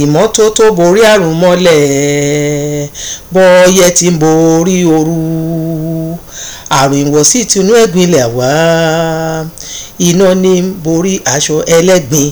ìmọ́tótó borí àrùn mọ́lẹ̀ bọ́ọ̀yẹ tí ń borí ooru àrùn ìwọ̀sí tinú ẹ̀gbin lẹ̀ wá iná ní borí aṣọ ẹlẹ́gbin